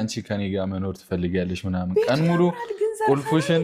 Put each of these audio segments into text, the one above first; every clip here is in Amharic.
አንቺ ከኔ ጋር መኖር ትፈልጊያለሽ ምናምን ቀን ሙሉ ቁልፍሽን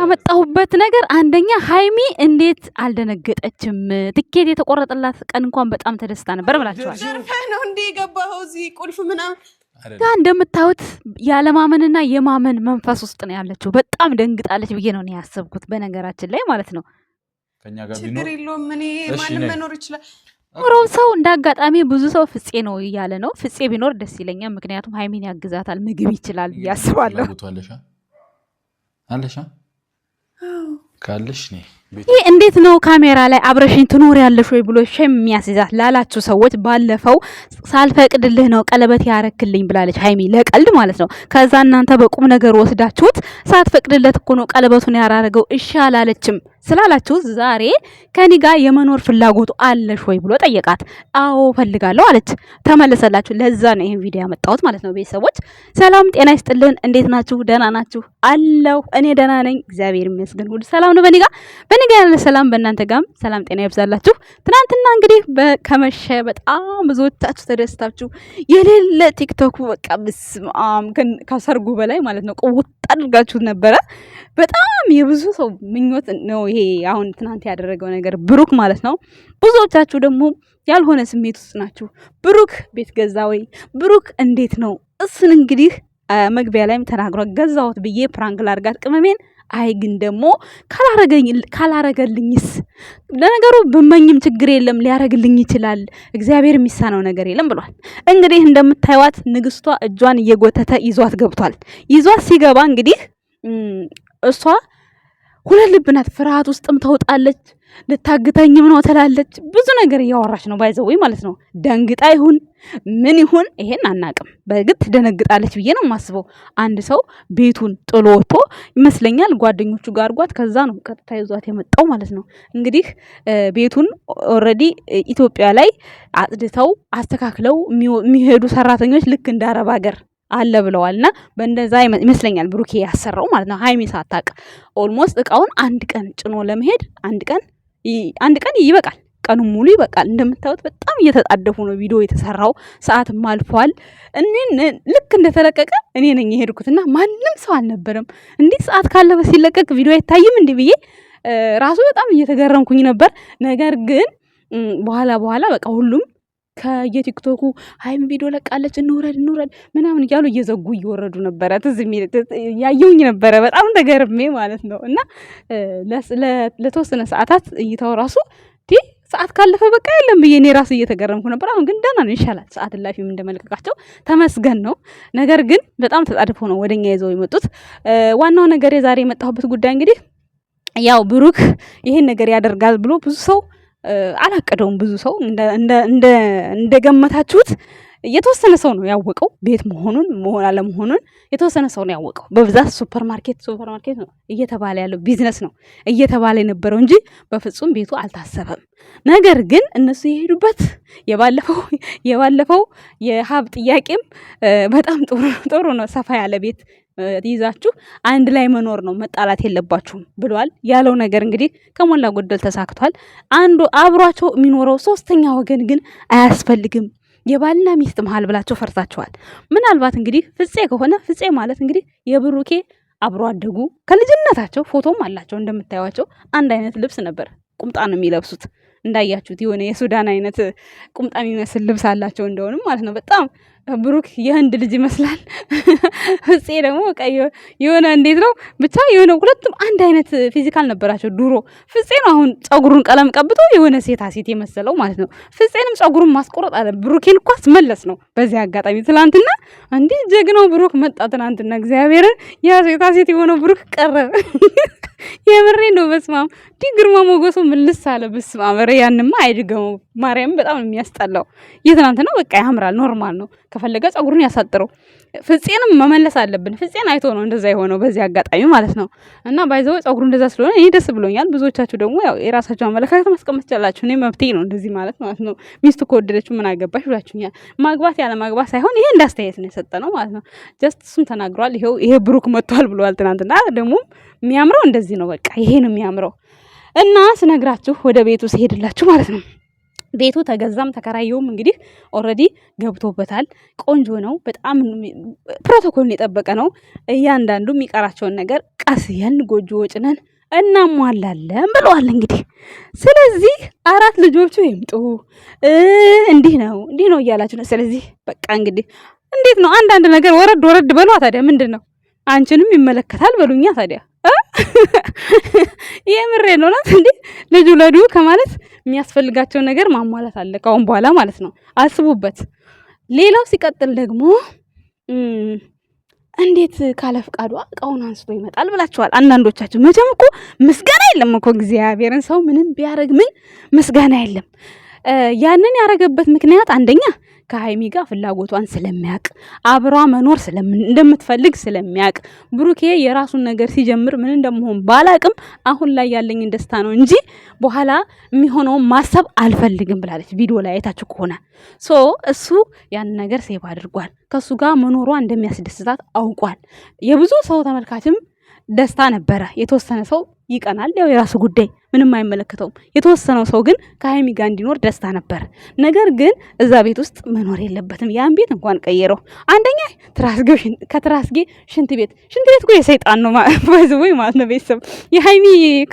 ያመጣሁበት ነገር አንደኛ ሀይሚ እንዴት አልደነገጠችም? ትኬት የተቆረጠላት ቀን እንኳን በጣም ተደስታ ነበር ብላችኋል። ነው እንዴ የገባኸው እዚህ ቁልፍ ምናምን ጋር እንደምታዩት ያለማመንና የማመን መንፈስ ውስጥ ነው ያለችው። በጣም ደንግጣለች ብዬ ነው ያሰብኩት፣ በነገራችን ላይ ማለት ነው። ችግር የለውም እኔ ማንም መኖር ይችላል ኖሮም ሰው እንደ አጋጣሚ ብዙ ሰው ፍፄ ነው እያለ ነው። ፍፄ ቢኖር ደስ ይለኛል፣ ምክንያቱም ሀይሚን ያግዛታል፣ ምግብ ይችላል ብዬ አስባለሁ። ይህ እንዴት ነው ካሜራ ላይ አብረሽኝ ትኖር ያለሽ ወይ ብሎ ሸም የሚያስይዛት ላላችሁ ሰዎች ባለፈው ሳልፈቅድልህ ነው ቀለበት ያረክልኝ ብላለች ሀይሚ ለቀልድ ማለት ነው። ከዛ እናንተ በቁም ነገር ወስዳችሁት ሳትፈቅድለት እኮ ነው ቀለበቱን ያራረገው እሺ አላለችም። ስላላችሁ ዛሬ ከኔ ጋር የመኖር ፍላጎቱ አለሽ ወይ ብሎ ጠየቃት። አዎ ፈልጋለሁ አለች። ተመለሰላችሁ። ለዛ ነው ይሄን ቪዲዮ ያመጣሁት ማለት ነው። ቤተሰቦች ሰላም ጤና ይስጥልን። እንዴት ናችሁ? ደህና ናችሁ? አለሁ እኔ ደህና ነኝ፣ እግዚአብሔር ይመስገን። ሁሉ ሰላም ነው በኔ ጋር በኔ ጋር ያለ ሰላም፣ በእናንተ ጋርም ሰላም ጤና ይብዛላችሁ። ትናንትና እንግዲህ ከመሸ በጣም ብዙዎቻችሁ ተደስታችሁ የሌለ ቲክቶክ በቃ ብስም ከሰርጉ በላይ ማለት ነው ቅውት አድርጋችሁት ነበረ። በጣም የብዙ ሰው ምኞት ነው ይሄ አሁን ትናንት ያደረገው ነገር ብሩክ ማለት ነው። ብዙዎቻችሁ ደግሞ ያልሆነ ስሜት ውስጥ ናችሁ። ብሩክ ቤት ገዛ ወይ? ብሩክ እንዴት ነው? እሱን እንግዲህ መግቢያ ላይም ተናግሯል። ገዛሁት ብዬ ፕራንክ ላርጋት ቅመሜን አይ ግን ደግሞ ካላረገልኝስ? ለነገሩ ብመኝም ችግር የለም ሊያረግልኝ ይችላል፣ እግዚአብሔር የሚሳነው ነገር የለም ብሏል። እንግዲህ እንደምታዩት ንግስቷ እጇን እየጎተተ ይዟት ገብቷል። ይዟት ሲገባ እንግዲህ እሷ ሁለት ልብ ናት። ፍርሃት ውስጥም ተውጣለች። ልታግተኝም ነው ትላለች። ብዙ ነገር እያወራች ነው ባይዘወይ ማለት ነው። ደንግጣ ይሁን ምን ይሁን ይሄን አናቅም። በእርግጥ ትደነግጣለች ብዬ ነው የማስበው። አንድ ሰው ቤቱን ጥሎ ወጥቶ ይመስለኛል ጓደኞቹ ጋር አድርጓት፣ ከዛ ነው ቀጥታ ይዟት የመጣው ማለት ነው። እንግዲህ ቤቱን ኦልሬዲ ኢትዮጵያ ላይ አጽድተው አስተካክለው የሚሄዱ ሰራተኞች ልክ እንደ አረብ ሀገር አለ ብለዋል። እና በእንደዛ ይመስለኛል ብሩኬ ያሰራው ማለት ነው። ሀይሚ ሳታውቅ ኦልሞስት እቃውን አንድ ቀን ጭኖ ለመሄድ አንድ ቀን አንድ ቀን ይበቃል። ቀኑ ሙሉ ይበቃል። እንደምታዩት በጣም እየተጣደፉ ነው። ቪዲዮ የተሰራው ሰዓትም አልፏል። እኔን ልክ እንደተለቀቀ እኔ ነኝ የሄድኩትና ማንም ሰው አልነበረም። እንዲህ ሰዓት ካለበ ሲለቀቅ ቪዲዮ አይታይም እንዲህ ብዬ ራሱ በጣም እየተገረምኩኝ ነበር። ነገር ግን በኋላ በኋላ በቃ ሁሉም ከየቲክቶኩ አይም ቪዲዮ ለቃለች እንውረድ እንውረድ ምናምን እያሉ እየዘጉ እየወረዱ ነበረ። ትዝ ያየውኝ ነበረ በጣም ተገርሜ ማለት ነው። እና ለተወሰነ ሰዓታት እይታው ራሱ ሰዓት ካለፈ በቃ የለም ብዬ እኔ ራሱ እየተገረምኩ ነበር። አሁን ግን ደህና ነው፣ ይሻላል። ሰዓት ላፊም እንደመለቀቃቸው ተመስገን ነው። ነገር ግን በጣም ተጣድፎ ነው ወደኛ ይዘው የመጡት። ዋናው ነገር የዛሬ የመጣሁበት ጉዳይ እንግዲህ ያው ብሩክ ይሄን ነገር ያደርጋል ብሎ ብዙ ሰው አላቀደውም። ብዙ ሰው እንደገመታችሁት የተወሰነ ሰው ነው ያወቀው ቤት መሆኑን መሆን አለመሆኑን የተወሰነ ሰው ነው ያወቀው። በብዛት ሱፐር ማርኬት ሱፐር ማርኬት ነው እየተባለ ያለው ቢዝነስ ነው እየተባለ የነበረው እንጂ በፍጹም ቤቱ አልታሰበም። ነገር ግን እነሱ የሄዱበት የባለፈው የባለፈው የሀብ ጥያቄም በጣም ጥሩ ነው። ሰፋ ያለ ቤት ይዛችሁ አንድ ላይ መኖር ነው፣ መጣላት የለባችሁም ብሏል ያለው ነገር እንግዲህ ከሞላ ጎደል ተሳክቷል። አንዱ አብሯቸው የሚኖረው ሶስተኛ ወገን ግን አያስፈልግም። የባልና ሚስት መሀል ብላቸው ፈርታቸዋል። ምናልባት እንግዲህ ፍፄ ከሆነ ፍፄ ማለት እንግዲህ የብሩኬ አብሮ አደጉ ከልጅነታቸው ፎቶም አላቸው እንደምታዩቸው አንድ አይነት ልብስ ነበር። ቁምጣ ነው የሚለብሱት እንዳያችሁት የሆነ የሱዳን አይነት ቁምጣ የሚመስል ልብስ አላቸው እንደሆንም ማለት ነው በጣም ብሩክ የህንድ ልጅ ይመስላል። ፍፄ ደግሞ በቃ የሆነ እንዴት ነው ብቻ የሆነ ሁለቱም አንድ አይነት ፊዚካል ነበራቸው ድሮ። ፍፄ ነው አሁን ጸጉሩን ቀለም ቀብቶ የሆነ ሴታ ሴት የመሰለው ማለት ነው። ፍፄንም ጸጉሩን ማስቆረጥ አለ። ብሩኬን እኮ አስመለስ ነው በዚህ አጋጣሚ። ትናንትና እንዲህ ጀግናው ብሩክ መጣ ትናንትና። እግዚአብሔር ያ ሴታ ሴት የሆነው ብሩክ ቀረ። የምሬ ነው። በስማም ዲ ግርማ ሞገሱ ምልስ አለ። በስማም ያንማ አይድገመው ማርያም። በጣም የሚያስጠላው የትናንትና በቃ ያምራል፣ ኖርማል ነው ከፈለገ ጸጉሩን ያሳጥረው። ፍፄንም መመለስ አለብን። ፍፄን አይቶ ነው እንደዛ የሆነው በዚህ አጋጣሚ ማለት ነው። እና ባይዘው ጸጉሩ እንደዛ ስለሆነ እኔ ደስ ብሎኛል። ብዙዎቻችሁ ደግሞ ያው የራሳችሁ አመለካከት ማስቀመጥ ትችላላችሁ። እኔ መብቴ ነው እንደዚህ ማለት ማለት ነው። ሚስቱ ከወደደችው ምን አገባሽ ብላችሁኛል። ማግባት ያለ ማግባት ሳይሆን ይሄ አስተያየት ነው የሰጠ ነው ማለት ነው። ጀስት እሱም ተናግሯል። ይሄው ይሄ ብሩክ መጥቷል ብለዋል ትናንትና። ደግሞ የሚያምረው እንደዚህ ነው። በቃ ይሄ ነው የሚያምረው እና ስነግራችሁ ወደ ቤቱ ሲሄድላችሁ ማለት ነው ቤቱ ተገዛም ተከራየውም እንግዲህ ኦልሬዲ ገብቶበታል። ቆንጆ ነው። በጣም ፕሮቶኮልን የጠበቀ ነው። እያንዳንዱ የሚቀራቸውን ነገር ቀስ ያን ጎጆ ወጭነን እናሟላለን ብለዋል። እንግዲህ ስለዚህ አራት ልጆቹ ይምጡ እንዲህ ነው እንዲህ ነው እያላችሁ ነው። ስለዚህ በቃ እንግዲህ እንዴት ነው አንዳንድ ነገር ወረድ ወረድ በሏ ታዲያ። ምንድን ነው አንቺንም ይመለከታል በሉኛ ታዲያ። የምሬ ነው ናት እንዴ ልጅ ለዱ ከማለት የሚያስፈልጋቸው ነገር ማሟላት አለ ካሁን በኋላ ማለት ነው። አስቡበት። ሌላው ሲቀጥል ደግሞ እንዴት ካለ ፍቃዱ እቃውን አንስቶ ይመጣል ብላችኋል አንዳንዶቻችሁ። መቼም እኮ ምስጋና የለም እኮ እግዚአብሔርን ሰው ምንም ቢያደርግ ምን ምስጋና የለም። ያንን ያደረገበት ምክንያት አንደኛ ከሀይሚ ጋር ፍላጎቷን ስለሚያቅ አብሯ መኖር እንደምትፈልግ ስለሚያቅ ብሩኬ የራሱን ነገር ሲጀምር ምን እንደመሆን ባላቅም አሁን ላይ ያለኝን ደስታ ነው እንጂ በኋላ የሚሆነውን ማሰብ አልፈልግም ብላለች። ቪዲዮ ላይ አይታችሁ ከሆነ ሶ እሱ ያን ነገር ሴቭ አድርጓል። ከእሱ ጋር መኖሯ እንደሚያስደስታት አውቋል። የብዙ ሰው ተመልካችም ደስታ ነበረ የተወሰነ ሰው ይቀናል። ያው የራሱ ጉዳይ ምንም አይመለከተውም። የተወሰነው ሰው ግን ከሀይሚ ጋር እንዲኖር ደስታ ነበር። ነገር ግን እዛ ቤት ውስጥ መኖር የለበትም። ያን ቤት እንኳን ቀየረው። አንደኛ ከትራስጌ ሽንት ቤት፣ ሽንት ቤት እኮ የሰይጣን ነው ወይ ማለት ነው። ቤተሰብ የሀይሚ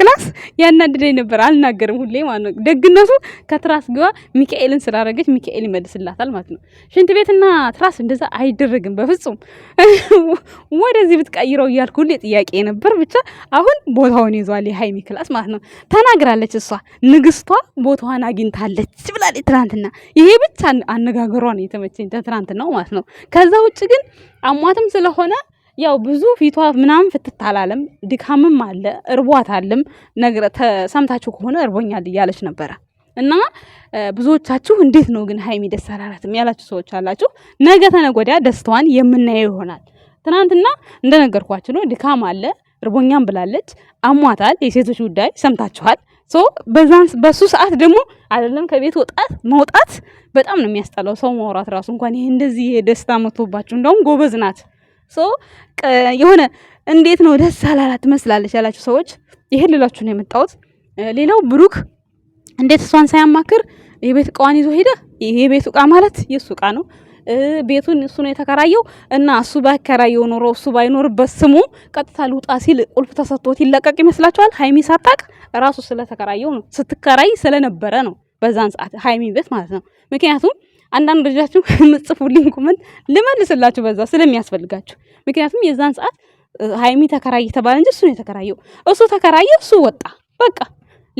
ክላስ ያናድደኝ ነበር። አልናገርም ሁሌ ማለት ነው። ደግነቱ ከትራስጌዋ ሚካኤልን ስላረገች ሚካኤል ይመልስላታል ማለት ነው። ሽንት ቤትና ትራስ እንደዛ አይደረግም በፍጹም። ወደዚህ ብትቀይረው እያልኩ ሁሌ ጥያቄ ነበር። ብቻ አሁን ቦታውን ይዟል የሀይሚ ክላስ ማለት ነው። ተናግራለች እሷ ንግስቷ ቦታዋን አግኝታለች ብላለች ትናንትና። ይሄ ብቻ አነጋገሯ ነው የተመቸኝ ትናንት ነው ማለት ነው። ከዛ ውጭ ግን አሟትም ስለሆነ ያው ብዙ ፊቷ ምናምን ፍትታላለም ድካምም አለ እርቧታልም። ነገር ተሰምታችሁ ከሆነ እርቦኛል እያለች ነበረ። እና ብዙዎቻችሁ እንዴት ነው ግን ሀይሚ ደስ አላላትም ያላችሁ ሰዎች አላችሁ። ነገ ተነገ ወዲያ ደስታዋን የምናየው ይሆናል። ትናንትና እንደነገርኳችሁ ነው ድካም አለ እርቦኛም ብላለች፣ አሟታል። የሴቶች ጉዳይ ሰምታችኋል። ሶ በሱ ሰዓት ደግሞ አይደለም ከቤት ወጣት መውጣት በጣም ነው የሚያስጠላው። ሰው ማውራት ራሱ እንኳን ይሄ እንደዚህ ደስታ መጥቶባችሁ እንደውም ጎበዝ ናት። ሶ የሆነ እንዴት ነው ደስ አላላት ትመስላለች ያላችሁ ሰዎች ይሄን ልላችሁ ነው የመጣሁት። ሌላው ብሩክ እንዴት እሷን ሳያማክር የቤት እቃዋን ይዞ ሄደ። ይሄ የቤት እቃ ማለት የእሱ እቃ ነው። ቤቱን እሱ ነው የተከራየው እና እሱ ባከራየው ኖሮ እሱ ባይኖርበት ስሙ ቀጥታ ልውጣ ሲል ቁልፍ ተሰጥቶት ይለቀቅ ይመስላችኋል? ሀይሚ ሳታቅ ራሱ ስለተከራየው ነው ስትከራይ ስለነበረ ነው በዛን ሰዓት ሀይሚ ቤት ማለት ነው። ምክንያቱም አንዳንድ ልጃችሁ ምጽፉልኝ ኮመንት ልመልስላችሁ በዛ ስለሚያስፈልጋችሁ። ምክንያቱም የዛን ሰዓት ሀይሚ ተከራይ ተባለ እንጂ እሱ ነው የተከራየው። እሱ ተከራየ፣ እሱ ወጣ፣ በቃ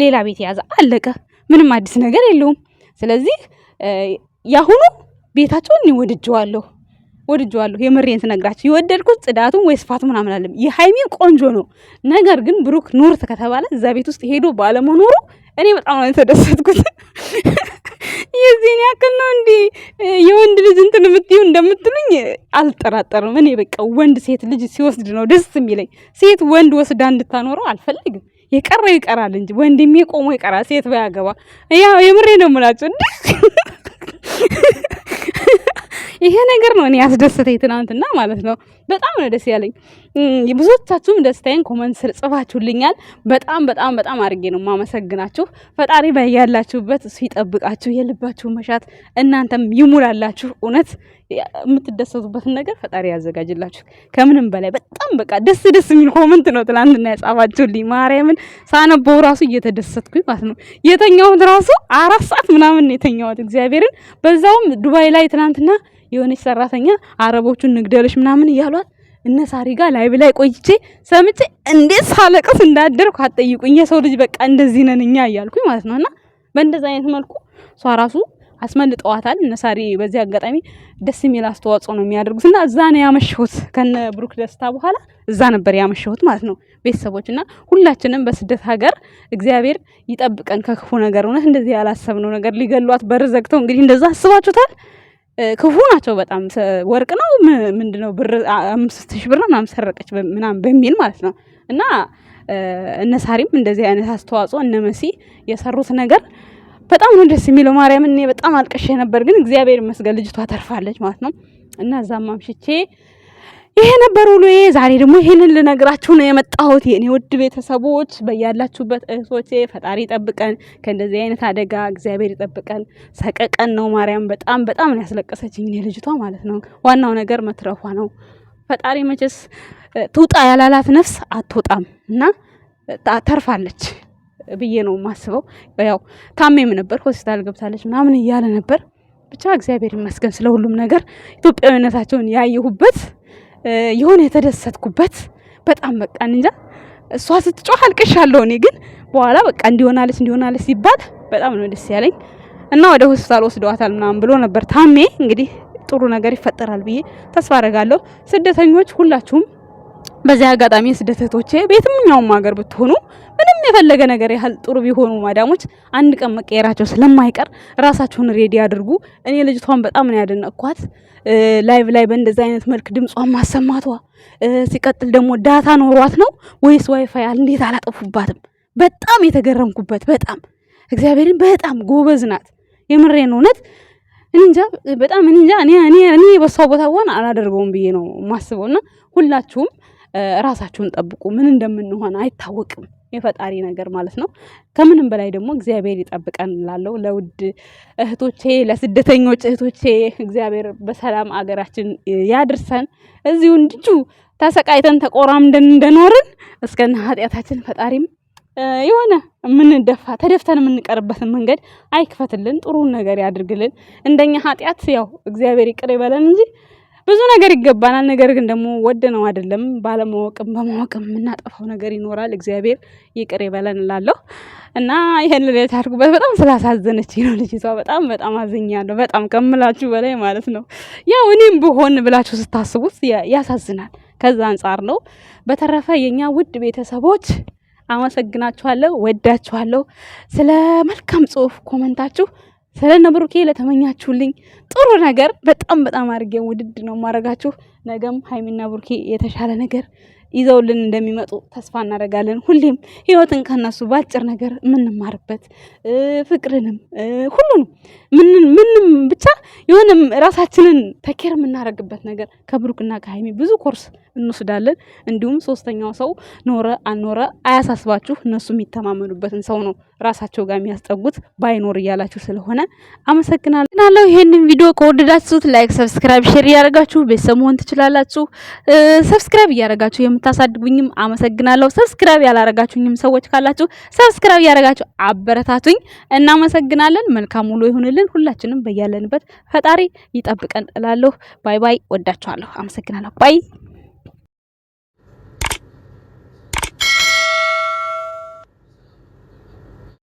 ሌላ ቤት የያዘ አለቀ። ምንም አዲስ ነገር የለውም። ስለዚህ ያሁኑ ቤታቸው እኔ ወድጀዋለሁ ወድጀዋለሁ የምሬን ስነግራችሁ የወደድኩት ጽዳቱን ወይ ስፋቱ ምናምን አለም። የሀይሚ ቆንጆ ነው። ነገር ግን ብሩክ ኑር ከተባለ እዛ ቤት ውስጥ ሄዶ ባለመኖሩ እኔ በጣም ነው የተደሰትኩት። የዚህን ያክል ነው እንዲ የወንድ ልጅ እንትን የምትዩ እንደምትሉኝ አልጠራጠርም። እኔ በቃ ወንድ ሴት ልጅ ሲወስድ ነው ደስ የሚለኝ። ሴት ወንድ ወስዳ እንድታኖረው አልፈልግም። የቀረው ይቀራል እንጂ ወንድ የሚቆሙ ይቀራል ሴት ባያገባ። ያው የምሬ ነው የምላቸው ይሄ ነገር ነው እኔ ያስደስተኝ ትናንትና ማለት ነው። በጣም ነው ደስ ያለኝ። ብዙዎቻችሁም ደስታዬን ኮመንት ስር ጽፋችሁልኛል። በጣም በጣም በጣም አድርጌ ነው ማመሰግናችሁ። ፈጣሪ በያላችሁበት እሱ ይጠብቃችሁ። የልባችሁ መሻት እናንተም ይሙላላችሁ። እውነት የምትደሰቱበትን ነገር ፈጣሪ ያዘጋጅላችሁ። ከምንም በላይ በጣም በቃ ደስ ደስ የሚል ኮመንት ነው ትናንትና ያጻፋችሁልኝ። ማርያምን ሳነበው ራሱ እየተደሰትኩኝ ማለት ነው። የተኛሁት ራሱ አራት ሰዓት ምናምን ነው የተኛሁት እግዚአብሔርን። በዛውም ዱባይ ላይ ትናንትና የሆነች ሰራተኛ አረቦቹን ንግደልሽ ምናምን እያሏት እነ ሳሪ ጋር ላይብ ላይ ቆይቼ ሰምቼ እንዴት ሳለቅስ እንዳደርኩ አትጠይቁኝ። የሰው ልጅ በቃ እንደዚህ ነን እኛ እያልኩኝ ማለት ነው። እና በእንደዚ አይነት መልኩ እሷ ራሱ አስመልጠዋታል። እነ ሳሪ በዚህ አጋጣሚ ደስ የሚል አስተዋጽኦ ነው የሚያደርጉት። እና እዛ ነው ያመሸሁት ከነ ብሩክ ደስታ በኋላ እዛ ነበር ያመሸሁት ማለት ነው። ቤተሰቦች እና ሁላችንም በስደት ሀገር እግዚአብሔር ይጠብቀን ከክፉ ነገር። እውነት እንደዚህ ያላሰብነው ነገር ሊገሏት በር ዘግተው እንግዲህ እንደዛ አስባችሁታል። ክፉ ናቸው በጣም ወርቅ ነው ምንድነው ብር አምስት ሺህ ብር ምናምን ሰረቀች ምናምን በሚል ማለት ነው እና እነሳሪም እንደዚህ አይነት አስተዋጽኦ እነ መሲ የሰሩት ነገር በጣም ነው ደስ የሚለው። ማርያም እኔ በጣም አልቅሼ ነበር፣ ግን እግዚአብሔር ይመስገን ልጅቷ ተርፋለች ማለት ነው እና እዛም አምሽቼ ይሄ ነበር ውሎዬ። ዛሬ ደግሞ ይሄንን ልነግራችሁ ነው የመጣሁት የኔ ውድ ቤተሰቦች። በያላችሁበት እህቶቼ ፈጣሪ ጠብቀን ከእንደዚህ አይነት አደጋ እግዚአብሔር ይጠብቀን። ሰቀቀን ነው ማርያም። በጣም በጣም ነው ያስለቀሰችኝ እኔ ልጅቷ ማለት ነው። ዋናው ነገር መትረፏ ነው። ፈጣሪ መቼስ ትውጣ ያላላት ነፍስ አትወጣም እና ተርፋለች ብዬ ነው የማስበው። ያው ታሜም ነበር ሆስፒታል ገብታለች ምናምን እያለ ነበር። ብቻ እግዚአብሔር ይመስገን ስለ ሁሉም ነገር ኢትዮጵያዊነታቸውን ያየሁበት የሆነ የተደሰትኩበት በጣም በቃ እንጃ እሷ ስትጮህ አልቅሻለሁ። እኔ ግን በኋላ በቃ እንዲሆናለች እንዲሆናለች ሲባል በጣም ነው ደስ ያለኝ እና ወደ ሆስፒታል ወስደዋታል ምናምን ብሎ ነበር ታሜ። እንግዲህ ጥሩ ነገር ይፈጠራል ብዬ ተስፋ አደርጋለሁ። ስደተኞች ሁላችሁም በዚህ አጋጣሚ ስደተቶቼ እህቶቼ በየትኛውም ሀገር ብትሆኑ ምንም የፈለገ ነገር ያህል ጥሩ ቢሆኑ ማዳሞች አንድ ቀን መቀየራቸው ስለማይቀር ራሳቸውን ሬዲ አድርጉ። እኔ ልጅቷን በጣም ነው ያደነቅኳት። ላይቭ ላይ በእንደዚ አይነት መልክ ድምጿን ማሰማቷ፣ ሲቀጥል ደግሞ ዳታ ኖሯት ነው ወይስ ዋይፋይ እንዴት አላጠፉባትም? በጣም የተገረምኩበት በጣም እግዚአብሔርን በጣም ጎበዝ ናት። የምሬን እውነት እንጃ በጣም እንጃ እኔ እኔ በሷ ቦታ ሆን አላደርገውም ብዬ ነው የማስበው ሁላችሁም ራሳችሁን ጠብቁ። ምን እንደምንሆን አይታወቅም፣ የፈጣሪ ነገር ማለት ነው። ከምንም በላይ ደግሞ እግዚአብሔር ይጠብቀን እላለሁ። ለውድ እህቶቼ፣ ለስደተኞች እህቶቼ እግዚአብሔር በሰላም አገራችን ያድርሰን። እዚሁ እንድጁ ተሰቃይተን ተቆራምደን እንደኖርን እስከና ኃጢአታችን ፈጣሪም የሆነ የምንደፋ ተደፍተን የምንቀርበትን መንገድ አይክፈትልን፣ ጥሩን ነገር ያድርግልን። እንደኛ ኃጢአት ያው እግዚአብሔር ይቅር ይበለን እንጂ ብዙ ነገር ይገባናል። ነገር ግን ደግሞ ወደ ነው አይደለም ባለማወቅም በማወቅም የምናጠፋው ነገር ይኖራል። እግዚአብሔር ይቅር ይበለን እላለሁ እና ይሄን ልደት አድርጉበት። በጣም ስላሳዘነች ነው ልጅቷ። በጣም በጣም አዝኛለሁ፣ በጣም ከምላችሁ በላይ ማለት ነው። ያው እኔም ብሆን ብላችሁ ስታስቡት ያሳዝናል። ከዛ አንጻር ነው። በተረፈ የኛ ውድ ቤተሰቦች አመሰግናችኋለሁ፣ ወዳችኋለሁ። ስለ መልካም ጽሁፍ ኮመንታችሁ ስለነ ብሩኬ ለተመኛችሁልኝ ጥሩ ነገር በጣም በጣም አድርጌ ውድድ ነው ማድረጋችሁ። ነገም ሀይሚና ብሩኬ የተሻለ ነገር ይዘውልን እንደሚመጡ ተስፋ እናደርጋለን። ሁሌም ህይወትን ከነሱ በአጭር ነገር የምንማርበት ፍቅርንም፣ ሁሉንም ምንም ብቻ የሆነም ራሳችንን ተኬር የምናደርግበት ነገር ከብሩክና ከሀይሚ ብዙ ኮርስ እንወስዳለን። እንዲሁም ሶስተኛው ሰው ኖረ አልኖረ አያሳስባችሁ። እነሱ የሚተማመኑበትን ሰው ነው ራሳቸው ጋር የሚያስጠጉት ባይኖር እያላችሁ ስለሆነ አመሰግናለሁ። ይህንን ቪዲዮ ከወደዳችሁት ላይክ፣ ሰብስክራይብ፣ ሼር እያደረጋችሁ ቤተሰብ መሆን ትችላላችሁ። ሰብስክራይብ እያደረጋችሁ የምታሳድጉኝም አመሰግናለሁ። ሰብስክራይብ ያላረጋችሁኝም ሰዎች ካላችሁ ሰብስክራይብ እያደረጋችሁ አበረታቱኝ። እናመሰግናለን። መልካም ውሎ ይሁንልን። ሁላችንም በያለንበት ፈጣሪ ይጠብቀን እላለሁ። ባይ ባይ። ወዳችኋለሁ። አመሰግናለሁ። ባይ